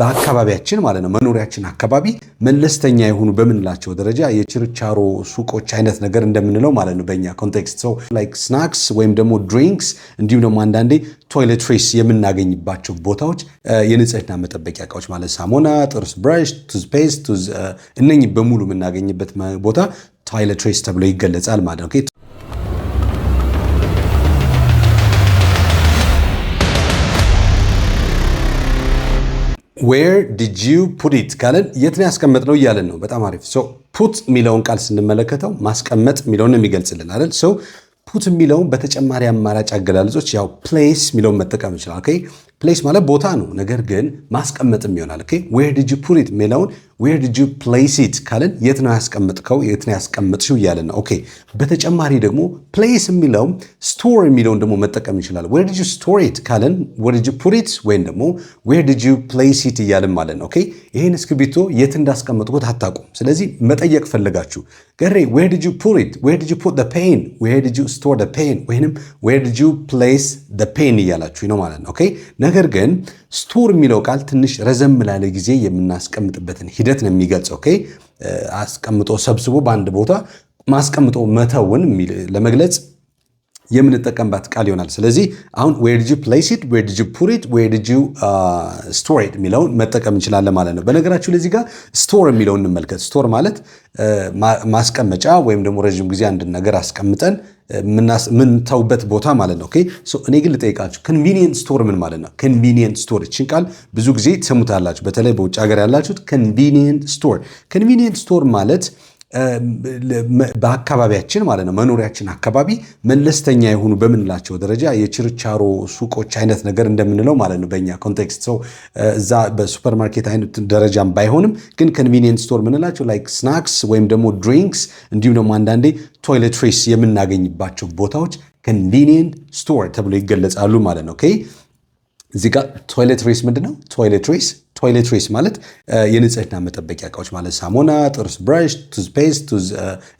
በአካባቢያችን ማለት ነው መኖሪያችን አካባቢ መለስተኛ የሆኑ በምንላቸው ደረጃ የችርቻሮ ሱቆች አይነት ነገር እንደምንለው ማለት ነው በእኛ ኮንቴክስት ሰው ላይክ ስናክስ ወይም ደግሞ ድሪንክስ እንዲሁም ደግሞ አንዳንዴ ሬስ የምናገኝባቸው ቦታዎች የንጽህና መጠበቂያ እቃዎች ማለት ሳሞና፣ ጥርስ ብራሽ፣ ቱዝፔስት እነኚህ በሙሉ የምናገኝበት ቦታ ቶይሌትሪስ ተብሎ ይገለጻል ማለት ነው። ዌር ዲድ ዩ ፑት ኢት ካለን የት ነው ያስቀመጥነው እያለን ነው። በጣም አሪፍ ሶ ፑት የሚለውን ቃል ስንመለከተው ማስቀመጥ የሚለውን የሚገልጽልን አይደል? ሶ ፑት የሚለውን በተጨማሪ አማራጭ አገላለጾች ያው ፕሌስ የሚለውን መጠቀም ይችላል። ፕሌስ ማለት ቦታ ነው፣ ነገር ግን ማስቀመጥም ይሆናል። ኦኬ ዌር ዲድ ዩ ፑት ኢት የሚለውን ዌር ዲድ ዩ ፕሌስ ኢት ካልን የት ነው ያስቀምጥከው፣ የት ነው ያስቀምጥሽው እያለን ነው። ኦኬ በተጨማሪ ደግሞ ፕሌስ የሚለውም ስቶር የሚለውን ደግሞ መጠቀም ይችላል። ዌር ዲድ ዩ ስቶር ኢት ካልን ዌር ዲድ ዩ ፑት ኢት ወይም ደግሞ ዌር ዲድ ዩ ፕሌስ ኢት እያለን ማለት ነው። ኦኬ ይህን እስክሪብቶ የት እንዳስቀመጥኩት አታውቁም። ስለዚህ መጠየቅ ፈለጋችሁ ገሬ ዌር ዲድ ዩ ፑት ኢት፣ ዌር ዲድ ዩ ፑት ፔን፣ ዌር ዲድ ዩ ስቶር ፔን ወይንም ዌር ዲድ ዩ ፕሌስ ፔን እያላችሁ ነው ማለት ነው። ኦኬ ነገር ግን ስቶር የሚለው ቃል ትንሽ ረዘም ላለ ጊዜ የምናስቀምጥበትን ሂደት ነው የሚገልጸው። ኦኬ አስቀምጦ ሰብስቦ በአንድ ቦታ ማስቀምጦ መተውን ለመግለጽ የምንጠቀምባት ቃል ይሆናል። ስለዚህ አሁን ዌር ዲዩ ፕሌስ ኢት፣ ዌር ዲዩ ፑር ኢት፣ ዌር ዲዩ ስቶር ኢት የሚለውን መጠቀም እንችላለን ማለት ነው። በነገራችሁ ለዚህ ጋር ስቶር የሚለውን እንመልከት። ስቶር ማለት uh, ማስቀመጫ ወይም ደግሞ ረዥም ጊዜ አንድን ነገር አስቀምጠን uh, ምንተውበት ቦታ ማለት ነው። እኔ ግን ልጠይቃችሁ ኮንቪኒየንት ስቶር ምን ማለት ነው? ኮንቪኒየንት ስቶር ይችን ቃል ብዙ ጊዜ ትሰሙታላችሁ፣ በተለይ በውጭ ሀገር ያላችሁት ኮንቪኒየንት ስቶር። ኮንቪኒየንት ስቶር ማለት በአካባቢያችን ማለት ነው መኖሪያችን አካባቢ መለስተኛ የሆኑ በምንላቸው ደረጃ የችርቻሮ ሱቆች አይነት ነገር እንደምንለው ማለት ነው። በእኛ ኮንቴክስት ሰው እዛ በሱፐርማርኬት አይነት ደረጃም ባይሆንም ግን ኮንቪኒየንስ ስቶር ምንላቸው ላይክ ስናክስ ወይም ደግሞ ድሪንክስ እንዲሁም ደግሞ አንዳንዴ ቶይሌትሪስ የምናገኝባቸው ቦታዎች ኮንቪኒየንት ስቶር ተብሎ ይገለጻሉ ማለት ነው። እዚህ ጋር ቶይሌትሪስ ምንድን ነው? ቶይሌትሪስ ማለት የንጽህና መጠበቂያ እቃዎች ማለት ሳሙና፣ ጥርስ ብራሽ፣ ቱዝፔስት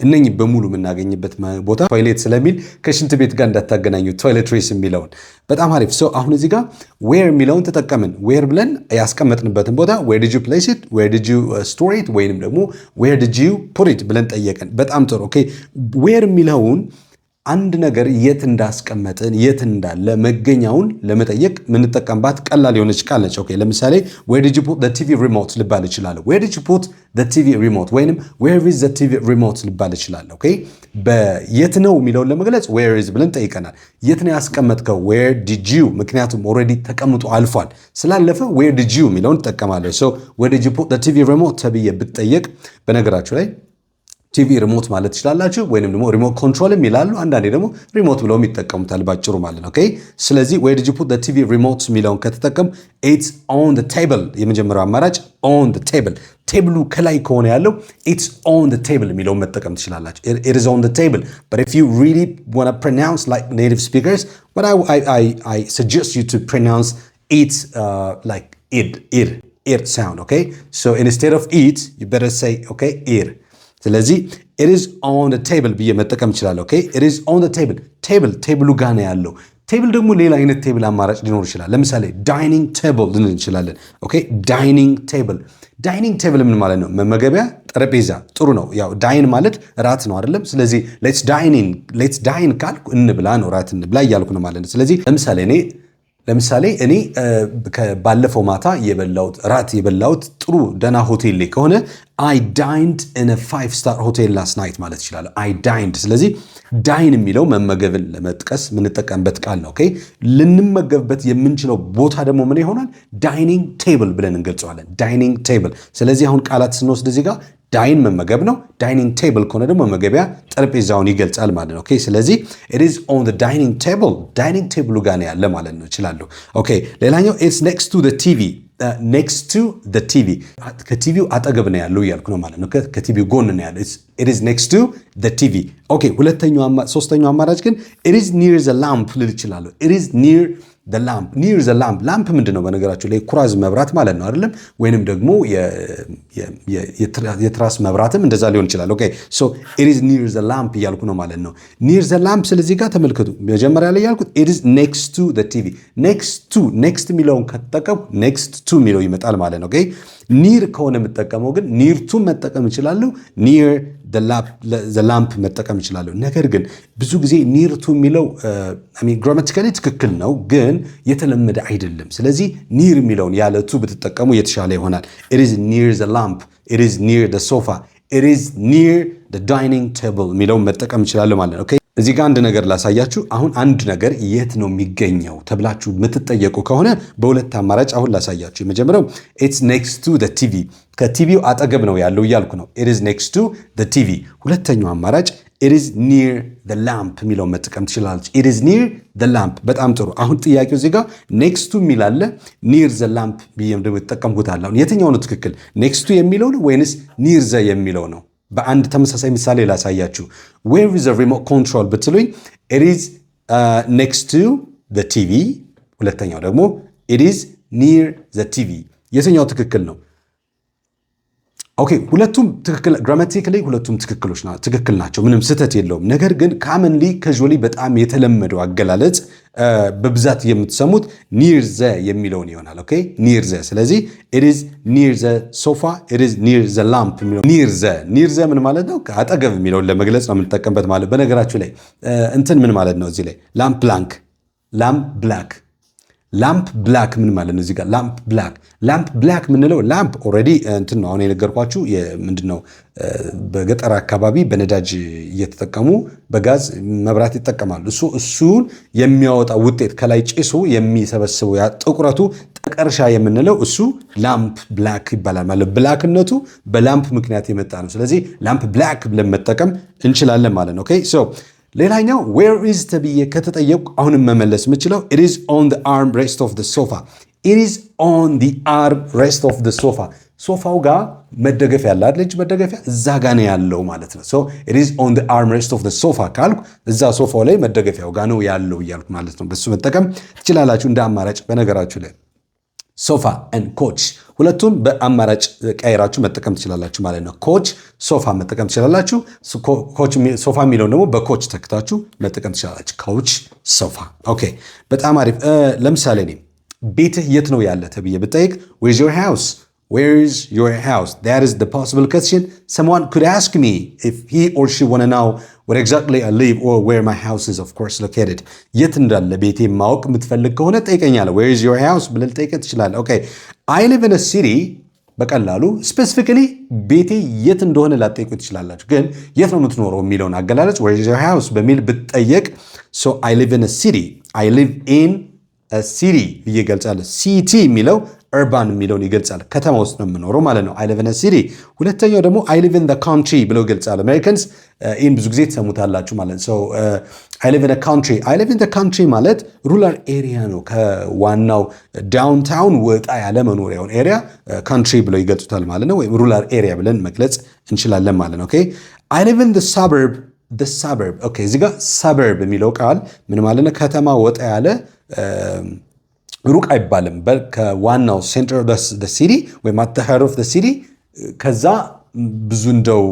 እነኚህ በሙሉ የምናገኝበት ቦታ ቶይሌት ስለሚል ከሽንት ቤት ጋር እንዳታገናኙ ቶይሌትሪስ የሚለውን በጣም አሪፍ ሰው። አሁን እዚህ ጋር ዌር የሚለውን ተጠቀምን። ዌር ብለን ያስቀመጥንበትን ቦታ ዌር ዲጅ ዩ ፕሌስ ኢት፣ ዌር ዲጅ ስቶር ኢት ወይንም ደግሞ ዌር ዲጅ ፑት ኢት ብለን ጠየቀን። በጣም ጥሩ ኦኬ። ዌር የሚለውን አንድ ነገር የት እንዳስቀመጥን የት እንዳለ መገኛውን ለመጠየቅ የምንጠቀምባት ቀላል የሆነች ቃል ነች። ኦኬ ለምሳሌ ዌር ዲድ ዩ ፑት ዘ ቲቪ ሪሞት ልባል እችላለሁ። ዌር ዲድ ዩ ፑት ዘ ቲቪ ሪሞት ወይንም ዌር ኢዝ ዘ ቲቪ ሪሞት ልባል እችላለሁ። ኦኬ በየት ነው የሚለውን ለመግለጽ ዌር ኢዝ ብለን ጠይቀናል። የት ነው ያስቀመጥከው? ዌር ዲድ ዩ ምክንያቱም ኦልሬዲ ተቀምጦ አልፏል። ስላለፈ ዌር ዲድ ዩ የሚለውን እጠቀማለሁ። ሶ ዌር ዲድ ዩ ፑት ዘ ቲቪ ሪሞት ተብዬ ብጠየቅ፣ በነገራችሁ ላይ ቲቪ ሪሞት ማለት ትችላላችሁ፣ ወይንም ደግሞ ሪሞት ኮንትሮልም ይላሉ። አንዳንዴ ደግሞ ሪሞት ብለውም ይጠቀሙታል ባጭሩ ማለት ነው። ስለዚህ ወይ ዲጅ ፑት ቲቪ ሪሞት የሚለውን ከተጠቀም ኢትስ ኦን ቴብል፣ የመጀመሪያው አማራጭ ኦን ቴብል፣ ቴብሉ ከላይ ከሆነ ያለው ኢትስ ኦን ቴብል የሚለውን መጠቀም ትችላላችሁ። ኢትስ ኦን ቴብል በት ኢፍ ዩ ሪሊ ዋና ፕሮናውንስ ላይክ ኔቲቭ ስፒከርስ አይ ሰጀስት ዩ ቱ ፕሮናውንስ ኢት ላይክ ኢድ ኢር ኢር ሳውንድ ኦኬ ሶ ኢንስቴድ ኦፍ ኢት ዩ ቤተር ሴይ ኦኬ ኢር ስለዚህ ኢትስ ኦን ቴብል ብዬ መጠቀም እችላለሁ። ኢትስ ኦን ቴብል ቴብል ቴብሉ ጋና ነው ያለው። ቴብል ደግሞ ሌላ አይነት ቴብል አማራጭ ሊኖር ይችላል። ለምሳሌ ዳይኒንግ ቴብል ልንል እንችላለን። ኦኬ ዳይኒንግ ቴብል ዳይኒንግ ቴብል ምን ማለት ነው? መመገቢያ ጠረጴዛ። ጥሩ ነው። ያው ዳይን ማለት ራት ነው አይደለም? ስለዚህ ሌትስ ዳይኒንግ ሌትስ ዳይን ካልኩ እንብላ ነው፣ ራት እንብላ እያልኩ ነው ማለት ነው። ስለዚህ ለምሳሌ እኔ ለምሳሌ እኔ ባለፈው ማታ የበላሁት ራት የበላሁት ጥሩ ደህና ሆቴል ላይ ከሆነ አይ ዳይንድ ን ፋይቭ ስታር ሆቴል ላስ ናይት ማለት ይችላለሁ። አይ ዳይንድ። ስለዚህ ዳይን የሚለው መመገብን ለመጥቀስ የምንጠቀምበት ቃል ነው። ኦኬ ልንመገብበት የምንችለው ቦታ ደግሞ ምን ይሆናል? ዳይኒንግ ቴብል ብለን እንገልጸዋለን። ዳይኒንግ ቴብል። ስለዚህ አሁን ቃላት ስንወስድ እዚህ ጋር ዳይን መመገብ ነው። ዳይኒንግ ቴብል ከሆነ ደግሞ መመገቢያ ጠረጴዛውን ይገልጻል ማለት ነው። ኦኬ ስለዚህ ኢት ኢዝ ኦን ዘ ዳይኒንግ ቴብል፣ ዳይኒንግ ቴብሉ ጋር ያለ ማለት ነው። ይችላለሁ። ኦኬ ሌላኛው ኢትስ ኔክስት ቱ ዘ ቲቪ ኔክስቱ ቱ ቲቪ ከቲቪው አጠገብ ነው ያለው እያልኩ ነው ማለት ነው። ከቲቪው ጎን ነው ያለው። ኢት ኢዝ ኔክስት ቲቪ። ኦኬ። ሁለተኛው ሶስተኛው አማራጭ ግን ኢት ኢዝ ኒር ዘ ላምፕ ልል እችላለሁ። ኢት ኢዝ ኒር ላምፕ ኒር ዘ ላምፕ ላምፕ ምንድን ነው? በነገራችሁ ላይ ኩራዝ መብራት ማለት ነው አይደለም? ወይንም ደግሞ የትራስ መብራትም እንደዛ ሊሆን ይችላል። ኦኬ ሶ ኢት ኢዝ ኒር ዘ ላምፕ እያልኩ ነው ማለት ነው። ኒር ዘ ላምፕ። ስለዚህ ጋር ተመልከቱ። መጀመሪያ ላይ ያልኩት ኢት ኢዝ ኔክስት ቱ ዘ ቲቪ። ኔክስት ቱ ኔክስት የሚለውን ከተጠቀሙ ኔክስት ቱ የሚለው ይመጣል ማለት ነው። ኦኬ ኒር ከሆነ የምጠቀመው ግን ኒር ቱ መጠቀም እችላለሁ። ኒር ዘላምፕ መጠቀም ይችላለሁ። ነገር ግን ብዙ ጊዜ ኒርቱ የሚለው ግራማቲካሊ ትክክል ነው፣ ግን የተለመደ አይደለም። ስለዚህ ኒር የሚለውን ያለቱ ብትጠቀሙ የተሻለ ይሆናል። ኢዝ ኒር ዘ ላምፕ፣ ኢዝ ኒር ዘ ሶፋ፣ ኢዝ ኒር ዘ ዳይኒንግ ቴብል የሚለውን መጠቀም ይችላለሁ ማለት ነው። እዚህ ጋር አንድ ነገር ላሳያችሁ። አሁን አንድ ነገር የት ነው የሚገኘው ተብላችሁ የምትጠየቁ ከሆነ በሁለት አማራጭ አሁን ላሳያችሁ። የመጀመሪያው ኢትስ ኔክስት ቱ ቲቪ ከቲቪው አጠገብ ነው ያለው እያልኩ ነው። ኢት ኢዝ ኔክስት ቱ ዘ ቲቪ። ሁለተኛው አማራጭ ኢት ኢዝ ኒር ዘ ላምፕ የሚለውን መጠቀም ትችላለች። ኢት ኢዝ ኒር ዘ ላምፕ። በጣም ጥሩ። አሁን ጥያቄው እዚህ ጋር ኔክስት ቱ የሚል አለ፣ ኒር ዘ ላምፕ ብዬም ደግሞ የተጠቀምኩት አለ። የትኛው ነው ትክክል? ኔክስት ቱ የሚለው ነው ወይንስ ኒር ዘ የሚለው ነው? በአንድ ተመሳሳይ ምሳሌ ላሳያችሁ። ዌር ኢዝ ዘ ሪሞት ኮንትሮል ብትሉኝ ኢት ኔክስት ቱ ዘ ቲቪ፣ ሁለተኛው ደግሞ ኢት ኢዝ ኒር ዘ ቲቪ። የትኛው ትክክል ነው? ኦኬ ሁለቱም ትክክል ግራማቲካሊ ሁለቱም ትክክሎች ትክክል ናቸው፣ ምንም ስህተት የለውም። ነገር ግን ካመንሊ ከዥሊ በጣም የተለመደው አገላለጽ በብዛት የምትሰሙት ኒር ዘ የሚለውን ይሆናል። ኦኬ ኒር ዘ። ስለዚህ ኢዝ ኒር ዘ ሶፋ፣ ኢት ኢዝ ኒር ዘ ላምፕ የሚለው ኒር ዘ። ኒር ዘ ምን ማለት ነው? አጠገብ የሚለውን ለመግለጽ ነው የምንጠቀምበት ማለት። በነገራችሁ ላይ እንትን ምን ማለት ነው እዚህ ላይ ላምፕ ብላንክ ላምፕ ብላክ ላምፕ ብላክ ምን ማለት ነው? እዚህ ጋር ላምፕ ብላክ ላምፕ ብላክ የምንለው ላምፕ ኦልሬዲ እንትን ነው። አሁን የነገርኳችሁ ምንድን ነው፣ በገጠር አካባቢ በነዳጅ እየተጠቀሙ በጋዝ መብራት ይጠቀማሉ። እሱ እሱን የሚያወጣ ውጤት ከላይ ጭሱ የሚሰበስበው ጥቁረቱ ጠቀርሻ የምንለው እሱ ላምፕ ብላክ ይባላል። ማለት ብላክነቱ በላምፕ ምክንያት የመጣ ነው። ስለዚህ ላምፕ ብላክ ብለን መጠቀም እንችላለን ማለት ነው። ኦኬ ሶ ሌላኛው ዌር ኢዝ ተብዬ ከተጠየቁ አሁንም መመለስ የምችለው ኢት ኢዝ ኦን ዘ አርም ሬስት ኦፍ ዘ ሶፋ። ኢት ኢዝ ኦን ዘ አርም ሬስት ኦፍ ዘ ሶፋ። ሶፋው ጋር መደገፊያ አለ አይደል? እጅ መደገፊያ እዛ ጋ ነው ያለው ማለት ነው። ሶ ኢት ኢዝ ኦን ዘ አርም ሬስት ኦፍ ዘ ሶፋ ካልኩ እዛ ሶፋው ላይ መደገፊያው ጋ ነው ያለው እያልኩ ማለት ነው። በሱ መጠቀም ትችላላችሁ እንደ አማራጭ በነገራችሁ ላይ ሶፋ ኤንድ ኮች ሁለቱም በአማራጭ ቀይራችሁ መጠቀም ትችላላችሁ ማለት ነው። ኮች ሶፋ መጠቀም ትችላላችሁ። ሶፋ የሚለውን ደግሞ በኮች ተክታችሁ መጠቀም ትችላላችሁ። ኮች ሶፋ። ኦኬ፣ በጣም አሪፍ። ለምሳሌ እኔ ቤትህ የት ነው ያለ ተብዬ ብጠይቅ ዌር ኢዝ ዮር ሃውስ፣ ዌር ኢዝ ዮር ሃውስ። ዛት ኢዝ ዘ ፖሲብል ኩዌስችን ሰምዋን ኩድ አስክ ሚ ኢፍ ሂ ኦር ሺ ዋንት ቱ ናው ወር ኤግዛክትሊ አይ ሊቭ ኦር ዌር ማይ ሃውስ ኢዝ ኦፍ ኮርስ ሎኬትድ። የት እንዳለ ቤቴ ማወቅ የምትፈልግ ከሆነ ጠይቀኛለ ዌር ኢዝ ዮር ሃውስ ብለህ ጠይቀህ ትችላለህ። ኦኬ አይ ሊቭ ኢን አ ሲቲ በቀላሉ ስፔሲፊካሊ ቤቴ የት እንደሆነ ላጠይቁ ትችላላችሁ። ግን የት ነው የምትኖረው የሚለውን አገላለጽ ዌር ኢዝ ዮር ሃውስ በሚል ብትጠየቅ ሶ አይ ሊቭ ኢን አ ሲቲ አይ ሊቭ ኢን ሲቲ ብዬ እገልጻለሁ። ሲቲ የሚለው እርባን የሚለውን ይገልጻል። ከተማ ውስጥ ነው የምኖረው ማለት ነው። አይሊቭን ሲቲ። ሁለተኛው ደግሞ ን ካንትሪ ብለው ይገልጻል። አሜሪካንስ ይህን ብዙ ጊዜ ትሰሙታላችሁ ማለት ነው። አይሊቭን ካንትሪ። አይሊቭን ካንትሪ ማለት ሩላር ኤሪያ ነው። ከዋናው ዳውንታውን ወጣ ያለ መኖሪያውን ኤሪያ ካንትሪ ብለው ይገልጹታል ማለት ነው። ወይም ሩላር ኤሪያ ብለን መግለጽ እንችላለን ማለት ነው። አይሊቭን ሳበርብ ሳበርብ። እዚህ ጋር ሳበርብ የሚለው ቃል ምን ማለት ነው? ከተማ ወጣ ያለ ሩቅ አይባልም። ከዋናው ሴንትር ሲቲ ወይም አተሀር ኦፍ ሲቲ ከዛ ብዙ እንደው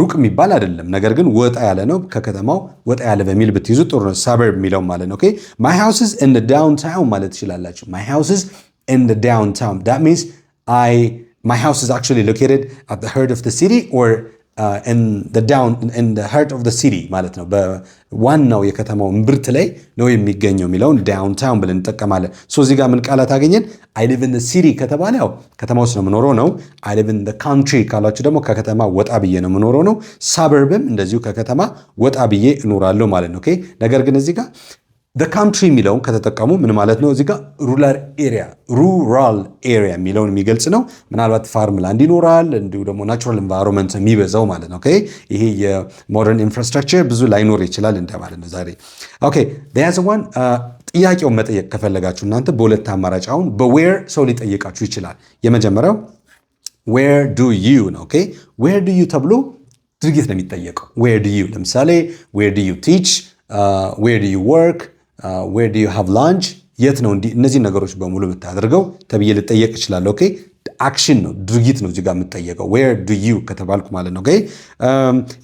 ሩቅ የሚባል አይደለም። ነገር ግን ወጣ ያለ ነው፣ ከከተማው ወጣ ያለ በሚል ብትይዙ ጥሩ ነው። ሳበርብ የሚለው ማለት ነው። ኦኬ ማይ ሃውስስ ኢን ዳውን ታውን ማለት ትችላላችሁ። ማይ ሃውስስ ኢን ዳውን ታውን ዳት ሚንስ አይ ማይ ሃውስ ኢዝ አክቹዋሊ ሎኬትድ አት ዘ ሀርድ ኦፍ ሲቲ ኦር ሀርት ኦፍ ሲቲ ማለት ነው። በዋናው የከተማው እምብርት ላይ ነው የሚገኘው የሚለውን ዳውንታውን ብለን እንጠቀማለን። ሶ እዚህ ጋር ምን ቃላት አገኘን? አይሊቭን ሲቲ ከተባለ ያው ከተማ ውስጥ ነው የምኖረው ነው። አይሊቭን ካንትሪ ካላችሁ ደግሞ ከከተማ ወጣ ብዬ ነው የምኖረው ነው። ሳበርብም እንደዚሁ ከከተማ ወጣ ብዬ እኖራለሁ ማለት ነው። ነገር ግን እዚህ ጋር ካንትሪ የሚለውን ከተጠቀሙ ምን ማለት ነው? እዚጋ ጋር ሩራል ኤሪያ ሩራል ኤሪያ የሚለውን የሚገልጽ ነው። ምናልባት ፋርምላንድ ይኖራል፣ እንዲሁ ደግሞ ናቹራል ኤንቫይሮንመንት የሚበዛው ማለት ነው። ይሄ የሞደርን ኢንፍራስትራክቸር ብዙ ላይኖር ይችላል እንደማለት ነው ዛሬ። ኦኬ ዋን uh, ጥያቄውን መጠየቅ ከፈለጋችሁ እናንተ በሁለት አማራጭ አሁን በዌር ሰው ሊጠይቃችሁ ይችላል። የመጀመሪያው ዌር ዱ ዩ ነው። ዌር ዱ ዩ ተብሎ ድርጊት ነው የሚጠየቀው። ዌር ዱ ዩ ለምሳሌ ዌር ዱ ዩ ቲች ዌር ዱ ዩ ወርክ ዌር ዱ ዩ ሃቭ ላንች የት ነው እነዚህ ነገሮች በሙሉ የምታደርገው ተብዬ ልጠየቅ እችላለሁ። ኦኬ አክሽን ነው ድርጊት ነው እዚጋ የምጠየቀው ዌር ዱ ዩ ከተባልኩ ማለት ነው።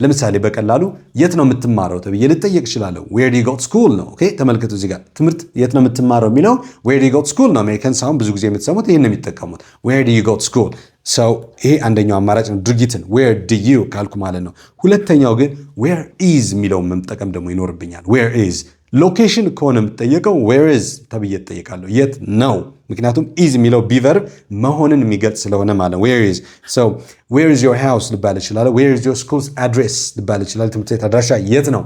ለምሳሌ በቀላሉ የት ነው የምትማረው ተብዬ ልጠየቅ እችላለሁ። ዌር ዱ ዩ ጎት ስኩል ነው። ኦኬ ተመልከቱ፣ እዚጋ ትምህርት የት ነው የምትማረው የሚለው ዌር ዱ ዩ ጎት ስኩል ነው። አሜሪካን ሳሁን ብዙ ጊዜ የምትሰሙት ይህን ነው የሚጠቀሙት ዌር ዱ ዩ ጎት ስኩል ሰው ይሄ አንደኛው አማራጭ ነው፣ ድርጊትን ዌር ዱ ዩ ካልኩ ማለት ነው። ሁለተኛው ግን ዌር ኢዝ የሚለውን መጠቀም ደግሞ ይኖርብኛል ዌር ኢዝ ሎኬሽን ከሆነ የምትጠየቀው ዌር ኢዝ ተብዬ ትጠይቃለሁ። የት ነው? ምክንያቱም ኢዝ የሚለው ቢቨርብ መሆንን የሚገልጽ ስለሆነ ማለት ዌር ኢዝ ሰው ዌር ኢዝ ዮር ሃውስ ልባል ይችላል። ዌር ኢዝ ዮር ስኩልስ አድሬስ ልባል ይችላል። ትምህርት ቤት አድራሻ የት ነው?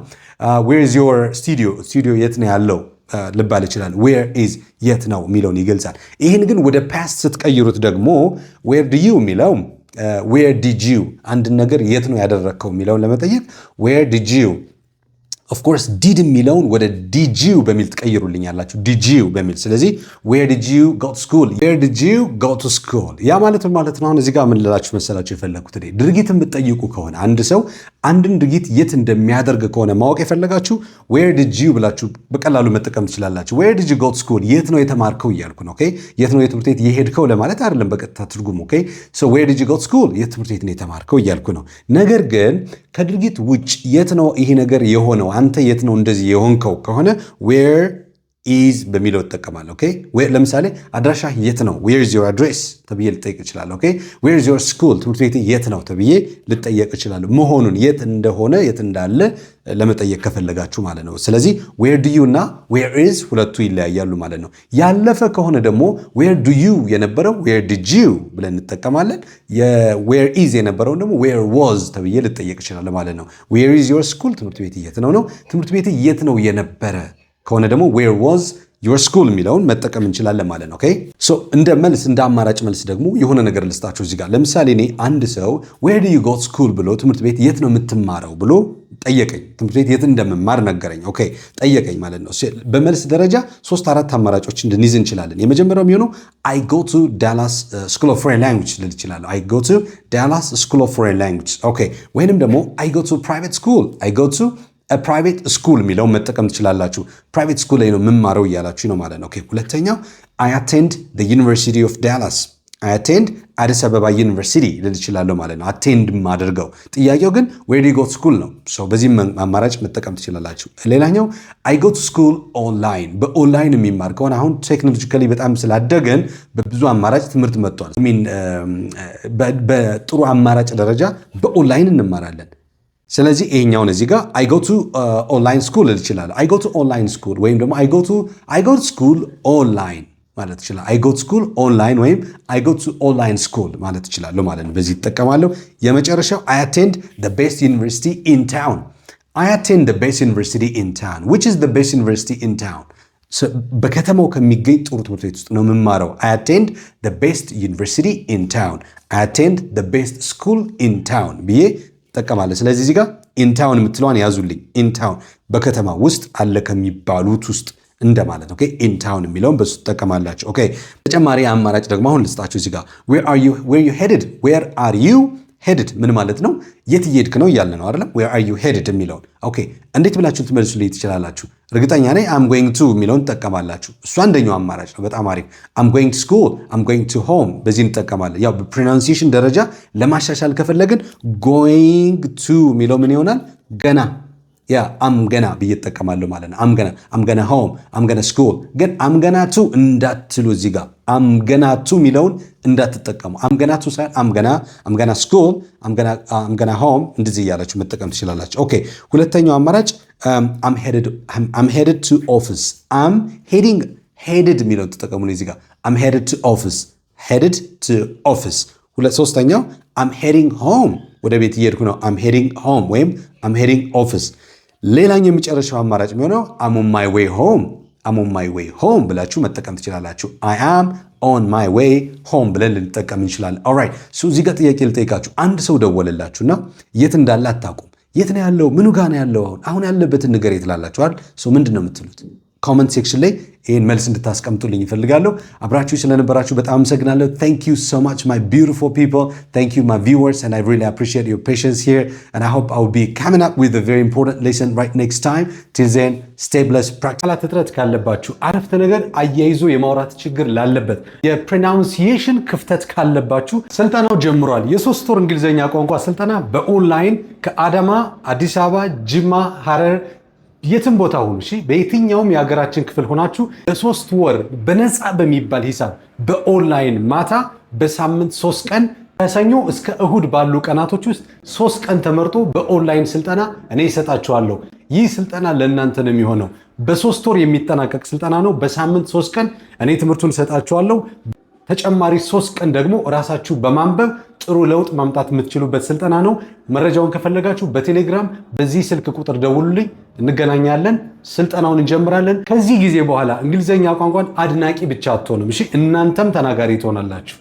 ዌር ኢዝ ዮር ስቱዲዮ ስቱዲዮ የት ነው ያለው uh, ልባል ይችላል። ዌር ኢዝ የት ነው የሚለውን ይገልጻል። ይህን ግን ወደ ፓስት ስትቀይሩት ደግሞ ዌር ድ ዩ የሚለው ዌር ዲድ ዩ አንድን ነገር የት ነው ያደረግከው የሚለውን ለመጠየቅ ዌር ዲድ ዩ ኦፍኮርስ ዲድ የሚለውን ወደ ዲጂዩ በሚል ትቀይሩልኝ ያላችሁ ዲጂዩ በሚል ስለዚህ ዌር ዲጂው ጎት ስኩል ዌር ዲጂዩ ጎ ቱ ስኩል ያ ማለት ማለት ነው። አሁን እዚህ ጋር ምን ልላችሁ መሰላችሁ የፈለግኩት ድርጊት የምትጠይቁ ከሆነ አንድ ሰው አንድን ድርጊት የት እንደሚያደርግ ከሆነ ማወቅ የፈለጋችሁ ዌር ዲድ ብላችሁ በቀላሉ መጠቀም ትችላላችሁ። ዌር ጎት ስኩል፣ የት ነው የተማርከው እያልኩ ነው። የት ነው የትምህርት ቤት የሄድከው ለማለት አይደለም በቀጥታ ትርጉሙ። ዌር ጎት ስኩል፣ የት ትምህርት ቤት ነው የተማርከው እያልኩ ነው። ነገር ግን ከድርጊት ውጭ የት ነው ይሄ ነገር የሆነው፣ አንተ የት ነው እንደዚህ የሆንከው ከሆነ ዌር ኢዝ በሚለው እጠቀማለሁ። ለምሳሌ አድራሻ የት ነው? ዌርዝ ዮር አድሬስ ተብዬ ልጠየቅ እችላለሁ። ዌር ዮር ስኩል ትምህርት ቤት የት ነው ተብዬ ልጠየቅ እችላለሁ። መሆኑን የት እንደሆነ የት እንዳለ ለመጠየቅ ከፈለጋችሁ ማለት ነው። ስለዚህ ዌር ዩ እና ዌር ኢዝ ሁለቱ ይለያያሉ ማለት ነው። ያለፈ ከሆነ ደግሞ ዌር ዩ የነበረው ዌር ዲድ ዩ ብለን እንጠቀማለን። የዌር ኢዝ የነበረውን ደግሞ ዌር ዋዝ ተብዬ ልጠየቅ እችላለሁ ማለት ነው። ዌር ኢዝ ዮር ስኩል ትምህርት ቤት የት ነው ነው ትምህርት ቤት የት ነው የነበረ ከሆነ ደግሞ ዌር ዋዝ ዮር ስኩል የሚለውን መጠቀም እንችላለን ማለት ነው። እንደ መልስ እንደ አማራጭ መልስ ደግሞ የሆነ ነገር ልስጣችሁ እዚህ ጋር። ለምሳሌ እኔ አንድ ሰው ዌር ዱ ዩ ጎት ስኩል ብሎ ትምህርት ቤት የት ነው የምትማረው ብሎ ጠየቀኝ። ትምህርት ቤት የት እንደምማር ነገረኝ። ኦኬ ጠየቀኝ ማለት ነው። በመልስ ደረጃ ሶስት አራት አማራጮች እንድንይዝ እንችላለን። የመጀመሪያው የሚሆነው አይ ጎ ቱ ዳላስ ስኩል ኦፍ ፎሬን ላንጉጅ ልል እችላለሁ። አይ ጎ ቱ ዳላስ ስኩል ኦፍ ፎሬን ላንጉጅ ኦኬ። ወይንም ደግሞ አይ ጎ ቱ ፕራይቬት ስኩል አይ ጎ ቱ ፕራይቬት ስኩል የሚለውን መጠቀም ትችላላችሁ። ፕራይቬት ስኩል ላይ ነው የምማረው እያላችሁ ነው ማለት ነው። ሁለተኛው አይ አቴንድ ዩኒቨርሲቲ ኦፍ ዳላስ አይ አቴንድ አዲስ አበባ ዩኒቨርሲቲ ልል እችላለሁ ማለት ነው። አቴንድ ማደርገው ጥያቄው ግን ዌር ዩ ጎ ቱ ስኩል ነው። በዚህ አማራጭ መጠቀም ትችላላችሁ። ሌላኛው አይ ጎ ቱ ስኩል ኦንላይን፣ በኦንላይን የሚማር ከሆነ አሁን ቴክኖሎጂካሊ በጣም ስላደገን በብዙ አማራጭ ትምህርት መጥቷል። um, በጥሩ አማራጭ ደረጃ በኦንላይን እንማራለን። ስለዚህ ይሄኛውን እዚህ ጋር አይ ጎ ቱ ኦንላይን ስኩል ልል ይችላል። አይ ጎ ቱ ኦንላይን ስኩል ወይም ደግሞ አይ ጎ ቱ አይ ጎ ስኩል ኦንላይን ማለት ይችላል። አይ ጎ ስኩል ኦንላይን ወይም አይ ጎ ቱ ኦንላይን ስኩል ማለት ይችላል ማለት ነው። በዚህ ይጠቀማለሁ። የመጨረሻው አይ አቴንድ ዘ ቤስት ዩኒቨርሲቲ ኢን ታውን አይ አቴንድ ዘ ቤስት ዩኒቨርሲቲ ኢን ታውን ዊች ኢዝ ዘ ቤስት ዩኒቨርሲቲ ኢን ታውን በከተማው ከሚገኝ ጥሩ ትምህርት ቤት ውስጥ ነው የምማረው። አይ አቴንድ ዘ ቤስት ዩኒቨርሲቲ ኢን ታውን አይ አቴንድ ዘ ቤስት ስኩል ኢን ታውን ብዬ ትጠቀማለህ። ስለዚህ እዚህ ጋር ኢንታውን የምትለዋን ያዙልኝ። ኢንታውን በከተማ ውስጥ አለ ከሚባሉት ውስጥ እንደማለት ኦኬ ኢንታውን የሚለውን በሱ ትጠቀማላችሁ። ኦኬ ተጨማሪ አማራጭ ደግሞ አሁን ልስጣችሁ እዚህ ጋር ዌር አር ዩ ሄድድ ዌር አር ዩ ሄድድ ምን ማለት ነው? የት እየሄድክ ነው እያለ ነው አይደለም? ዌር አር ዩ ሄድድ የሚለውን ኦኬ፣ እንዴት ብላችሁ ልትመልሱልኝ ትችላላችሁ? እርግጠኛ ነኝ አም ጎይንግ ቱ የሚለውን ትጠቀማላችሁ። እሱ አንደኛው አማራጭ ነው። በጣም አሪፍ። አም ጎይንግ ቱ ስኩል፣ አም ጎይንግ ቱ ሆም፣ በዚህ እንጠቀማለን። ያው በፕሮናንሲዬሽን ደረጃ ለማሻሻል ከፈለግን ጎይንግ ቱ የሚለው ምን ይሆናል? ገና ያ አምገና ብዬ እጠቀማለሁ ማለት ነው። አምገና አምገና ሆም አምገና ስኩል ግን አምገናቱ እንዳትሉ እዚህ ጋር አምገናቱ የሚለውን እንዳትጠቀሙ። አምገናቱ ሳይሆን አምገና አምገና ስኩል አምገና ሆም እንደዚህ እያላችሁ መጠቀም ትችላላችሁ። ኦኬ ሁለተኛው አማራጭ አም ሄድድ ቱ ኦፊስ አም ሄዲንግ ሄድድ የሚለውን ትጠቀሙ ነው እዚህ ጋር አም ሄድድ ቱ ኦፊስ ሄድድ ቱ ኦፊስ ሁለት ሶስተኛው አም ሄዲንግ ሆም ወደ ቤት እየሄድኩ ነው። አም ሄዲንግ ሆም ወይም አም ሄዲንግ ኦፊስ ሌላኛው የመጨረሻው አማራጭ የሚሆነው አሞን ማይ ዌይ ሆም አሞን ማይ ዌይ ሆም ብላችሁ መጠቀም ትችላላችሁ። አይ አም ኦን ማይ ዌይ ሆም ብለን ልንጠቀም እንችላለን። ኦራይት ሱ እዚህ ጋር ጥያቄ ልጠይቃችሁ። አንድ ሰው ደወለላችሁና የት እንዳለ አታውቁም። የት ነው ያለው? ምኑ ጋ ነው ያለው? አሁን አሁን ያለበትን ንገረኝ ትላላችኋል። ሶ ምንድን ነው የምትሉት? ኮመንት ሴክሽን ላይ ይህን መልስ እንድታስቀምጡልኝ ይፈልጋለሁ። አብራችሁ ስለነበራችሁ በጣም አመሰግናለሁ። ታንክ ዩ ሶ ማች ማይ ቢዩቲፉል ፒፕል ታንክ ዩ ማይ ቪወርስ ኤንድ አይ ሪሊ አፕሪሺየት ዮር ፔሽንስ ሂር ኤንድ አይ ሆፕ አይ ዊል ቢ ካሚንግ አፕ ዊዝ አ ቬሪ ኢምፖርታንት ሌሰን ራይት ኔክስት ታይም ቲል ዜን ስቴይ ብለስድ። ቃላት እጥረት ካለባችሁ፣ አረፍተ ነገር አያይዞ የማውራት ችግር ላለበት፣ የፕሮናውንሲዬሽን ክፍተት ካለባችሁ ስልጠናው ጀምሯል። የሶስት ወር እንግሊዝኛ ቋንቋ ስልጠና በኦንላይን ከአዳማ፣ አዲስ አበባ፣ ጅማ፣ ሀረር የትም ቦታ ሁኑ እሺ፣ በየትኛውም የሀገራችን ክፍል ሆናችሁ ለሶስት ወር በነፃ በሚባል ሂሳብ በኦንላይን ማታ በሳምንት ሶስት ቀን ከሰኞ እስከ እሁድ ባሉ ቀናቶች ውስጥ ሶስት ቀን ተመርጦ በኦንላይን ስልጠና እኔ ይሰጣችኋለሁ። ይህ ስልጠና ለእናንተ ነው የሚሆነው። በሶስት ወር የሚጠናቀቅ ስልጠና ነው። በሳምንት ሶስት ቀን እኔ ትምህርቱን እሰጣችኋለሁ። ተጨማሪ ሶስት ቀን ደግሞ እራሳችሁ በማንበብ ጥሩ ለውጥ ማምጣት የምትችሉበት ስልጠና ነው። መረጃውን ከፈለጋችሁ በቴሌግራም በዚህ ስልክ ቁጥር ደውሉልኝ፣ እንገናኛለን፣ ስልጠናውን እንጀምራለን። ከዚህ ጊዜ በኋላ እንግሊዝኛ ቋንቋን አድናቂ ብቻ አትሆንም። እሺ፣ እናንተም ተናጋሪ ትሆናላችሁ።